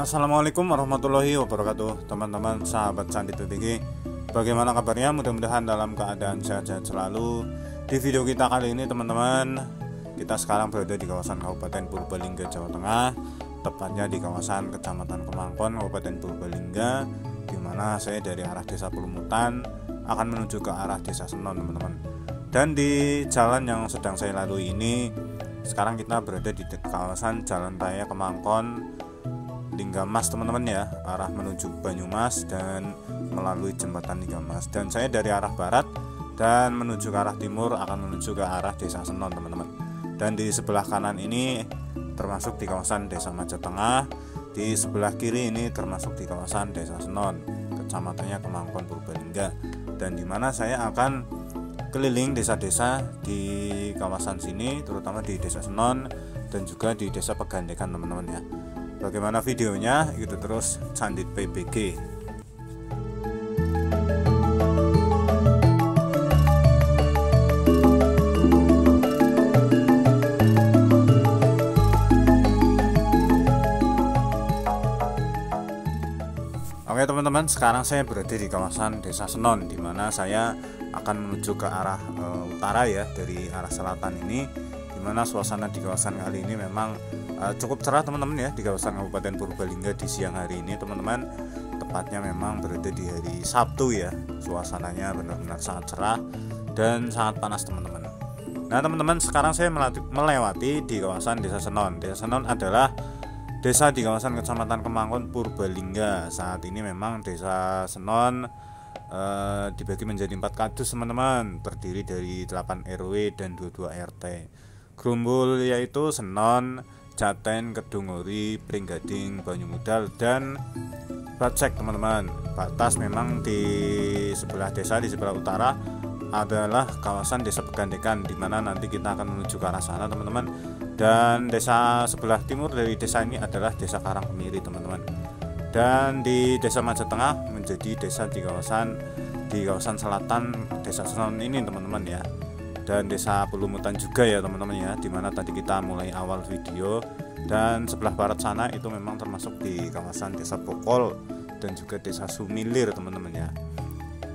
Assalamualaikum warahmatullahi wabarakatuh Teman-teman sahabat Candi TTG Bagaimana kabarnya? Mudah-mudahan dalam keadaan sehat-sehat selalu Di video kita kali ini teman-teman Kita sekarang berada di kawasan Kabupaten Purbalingga, Jawa Tengah Tepatnya di kawasan Kecamatan Kemangkon, Kabupaten Purbalingga di mana saya dari arah desa Pulumutan akan menuju ke arah desa Senon teman-teman dan di jalan yang sedang saya lalui ini sekarang kita berada di kawasan jalan raya Kemangkon Linggamas teman-teman ya arah menuju Banyumas dan melalui jembatan Linggamas dan saya dari arah barat dan menuju ke arah timur akan menuju ke arah desa Senon teman-teman dan di sebelah kanan ini termasuk di kawasan desa Maja Tengah di sebelah kiri ini termasuk di kawasan desa Senon kecamatannya Kemangkon Purbalingga dan di mana saya akan keliling desa-desa di kawasan sini terutama di desa Senon dan juga di desa Pegandekan teman-teman ya bagaimana videonya gitu terus Candid PBG Oke teman-teman, sekarang saya berada di kawasan Desa Senon di mana saya akan menuju ke arah e, utara ya dari arah selatan ini di mana suasana di kawasan kali ini memang Eh, cukup cerah teman-teman ya di kawasan Kabupaten Purbalingga di siang hari ini teman-teman tepatnya memang berada di hari Sabtu ya suasananya benar-benar sangat cerah dan sangat panas teman-teman nah teman-teman sekarang saya melewati di kawasan Desa Senon Desa Senon adalah desa di kawasan Kecamatan Kemangkon Purbalingga saat ini memang Desa Senon Uh, dibagi menjadi empat kadus teman-teman terdiri dari 8 RW dan 22 RT Grumbul yaitu Senon, Jaten, Kedungori, Pringgading, Banyumudal dan Bacek teman-teman. Batas memang di sebelah desa di sebelah utara adalah kawasan desa Pegandekan di mana nanti kita akan menuju ke arah sana teman-teman. Dan desa sebelah timur dari desa ini adalah desa Karang Kemiri teman-teman. Dan di desa Maja Tengah menjadi desa di kawasan di kawasan selatan desa Senon ini teman-teman ya dan desa Pelumutan juga ya teman-teman ya dimana tadi kita mulai awal video dan sebelah barat sana itu memang termasuk di kawasan desa Bokol dan juga desa Sumilir teman-teman ya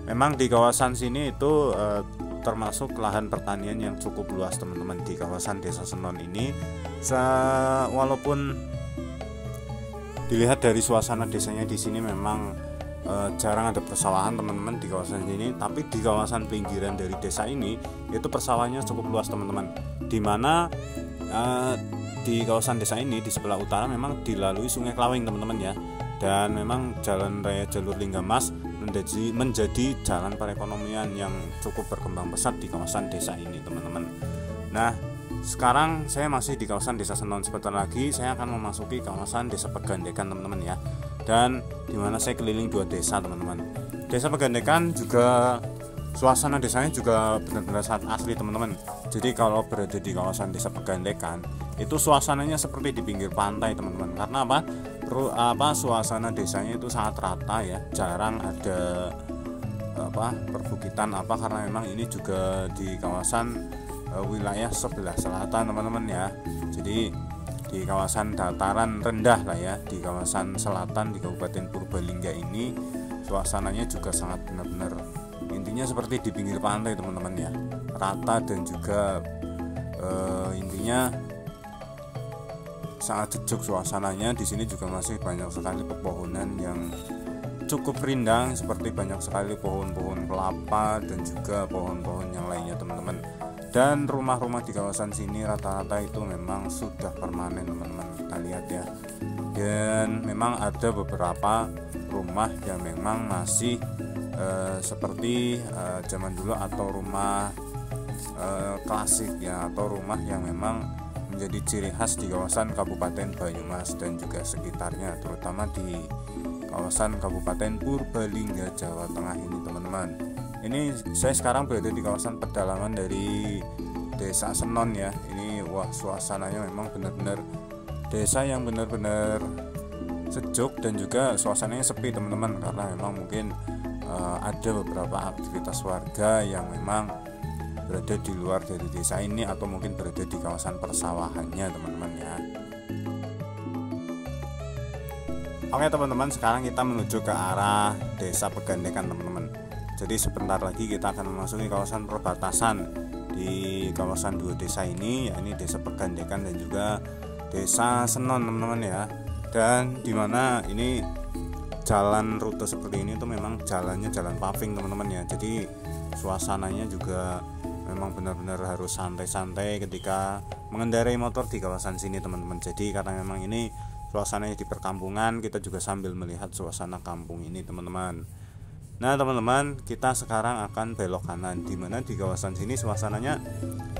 memang di kawasan sini itu eh, termasuk lahan pertanian yang cukup luas teman-teman di kawasan desa Senon ini se walaupun dilihat dari suasana desanya di sini memang uh, jarang ada persawahan teman-teman di kawasan ini, tapi di kawasan pinggiran dari desa ini itu persawahannya cukup luas teman-teman dimana uh, eh, di kawasan desa ini di sebelah utara memang dilalui sungai Klawing teman-teman ya dan memang jalan raya jalur Linggamas menjadi menjadi jalan perekonomian yang cukup berkembang pesat di kawasan desa ini teman-teman nah sekarang saya masih di kawasan desa Senon sebentar lagi saya akan memasuki kawasan desa Pegandekan teman-teman ya dan dimana saya keliling dua desa teman-teman desa Pegandekan juga suasana desanya juga benar-benar sangat asli teman-teman jadi kalau berada di kawasan desa Pegandekan itu suasananya seperti di pinggir pantai teman-teman karena apa Ru, apa suasana desanya itu sangat rata ya jarang ada apa perbukitan apa karena memang ini juga di kawasan uh, wilayah sebelah selatan teman-teman ya jadi di kawasan dataran rendah lah ya di kawasan selatan di Kabupaten Purbalingga ini suasananya juga sangat benar-benar intinya seperti di pinggir pantai teman-teman ya rata dan juga e, intinya sangat sejuk suasananya di sini juga masih banyak sekali pepohonan yang cukup rindang seperti banyak sekali pohon-pohon kelapa dan juga pohon-pohon yang lainnya teman-teman dan rumah-rumah di kawasan sini rata-rata itu memang sudah permanen teman-teman kita lihat ya dan memang ada beberapa rumah yang memang masih uh, seperti uh, zaman dulu atau rumah uh, klasik ya atau rumah yang memang menjadi ciri khas di kawasan Kabupaten Banyumas dan juga sekitarnya terutama di kawasan Kabupaten Purbalingga Jawa Tengah ini teman-teman ini saya sekarang berada di kawasan pedalaman dari desa Senon ya ini wah suasananya memang benar-benar desa yang benar-benar sejuk dan juga suasananya sepi teman-teman karena memang mungkin uh, ada beberapa aktivitas warga yang memang berada di luar dari desa ini atau mungkin berada di kawasan persawahannya teman-teman ya Oke teman-teman sekarang kita menuju ke arah desa pegandengan teman-teman jadi sebentar lagi kita akan memasuki kawasan perbatasan di kawasan dua desa ini, yakni Desa pegandekan dan juga Desa Senon, teman-teman ya. Dan dimana ini jalan rute seperti ini itu memang jalannya jalan paving teman-teman ya. Jadi suasananya juga memang benar-benar harus santai-santai ketika mengendarai motor di kawasan sini teman-teman. Jadi karena memang ini suasananya di perkampungan, kita juga sambil melihat suasana kampung ini teman-teman. Nah teman-teman kita sekarang akan belok kanan di mana di kawasan sini suasananya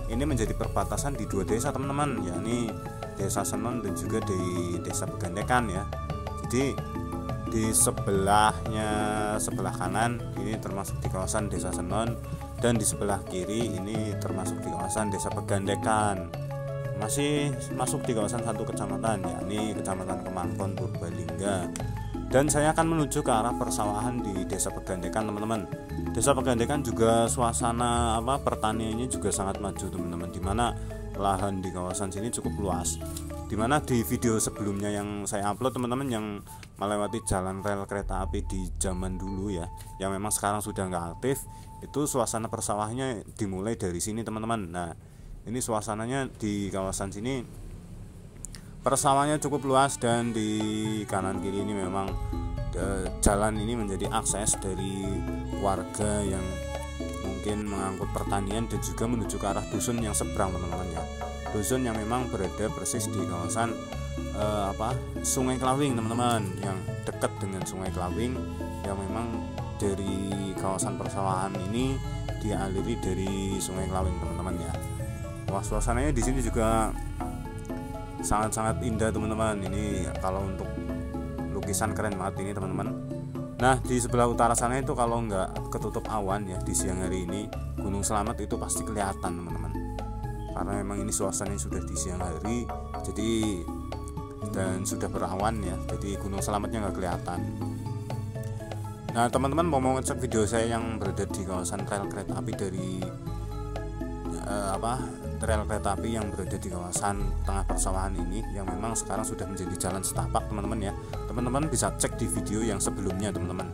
ini menjadi perbatasan di dua desa teman-teman yakni desa Senon dan juga di desa Pegandekan ya Jadi di sebelahnya sebelah kanan ini termasuk di kawasan desa Senon dan di sebelah kiri ini termasuk di kawasan desa Pegandekan masih masuk di kawasan satu kecamatan yakni kecamatan Kemangkon Purbalingga dan saya akan menuju ke arah persawahan di Desa Pegandekan teman-teman. Desa Pegandekan juga suasana apa pertaniannya juga sangat maju teman-teman dimana lahan di kawasan sini cukup luas. Dimana di video sebelumnya yang saya upload teman-teman yang melewati jalan rel kereta api di zaman dulu ya, yang memang sekarang sudah nggak aktif, itu suasana persawahnya dimulai dari sini teman-teman. Nah, ini suasananya di kawasan sini persawahannya cukup luas dan di kanan kiri ini memang e, jalan ini menjadi akses dari warga yang mungkin mengangkut pertanian dan juga menuju ke arah dusun yang seberang teman-teman ya dusun yang memang berada persis di kawasan e, apa Sungai Kelawing teman-teman yang dekat dengan Sungai Kelawing yang memang dari kawasan persawahan ini dialiri dari Sungai Kelawing teman-teman ya wah suasananya di sini juga sangat-sangat indah teman-teman ini kalau untuk lukisan keren banget ini teman-teman nah di sebelah utara sana itu kalau nggak ketutup awan ya di siang hari ini Gunung Selamat itu pasti kelihatan teman-teman karena memang ini suasananya sudah di siang hari jadi dan sudah berawan ya jadi Gunung Selamatnya nggak kelihatan nah teman-teman mau mau ngecek video saya yang berada di kawasan rel kereta api dari uh, apa rel kereta api yang berada di kawasan tengah persawahan ini yang memang sekarang sudah menjadi jalan setapak teman-teman ya teman-teman bisa cek di video yang sebelumnya teman-teman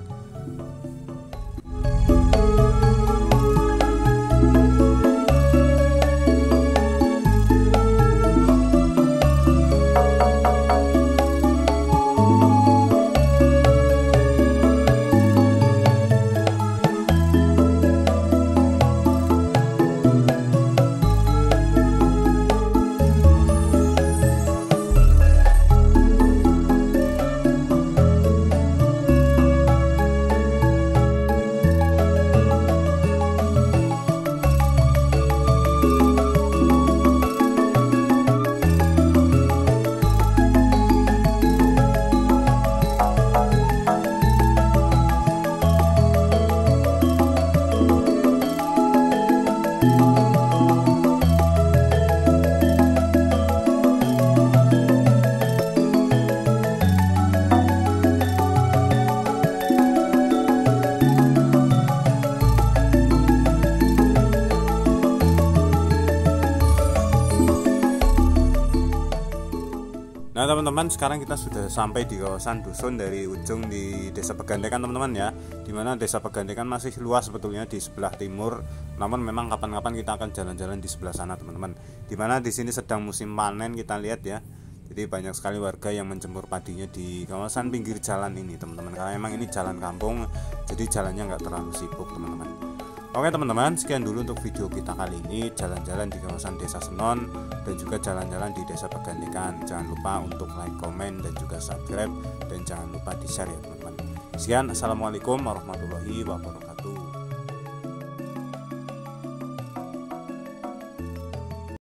teman-teman sekarang kita sudah sampai di kawasan dusun dari ujung di desa Pegandekan teman-teman ya dimana desa Pegandekan masih luas sebetulnya di sebelah timur namun memang kapan-kapan kita akan jalan-jalan di sebelah sana teman-teman dimana di sini sedang musim panen kita lihat ya jadi banyak sekali warga yang menjemur padinya di kawasan pinggir jalan ini teman-teman karena memang ini jalan kampung jadi jalannya nggak terlalu sibuk teman-teman Oke teman-teman, sekian dulu untuk video kita kali ini jalan-jalan di kawasan Desa Senon dan juga jalan-jalan di Desa Pegantikan. Jangan lupa untuk like, komen dan juga subscribe dan jangan lupa di-share ya teman-teman. Sekian, Assalamualaikum warahmatullahi wabarakatuh.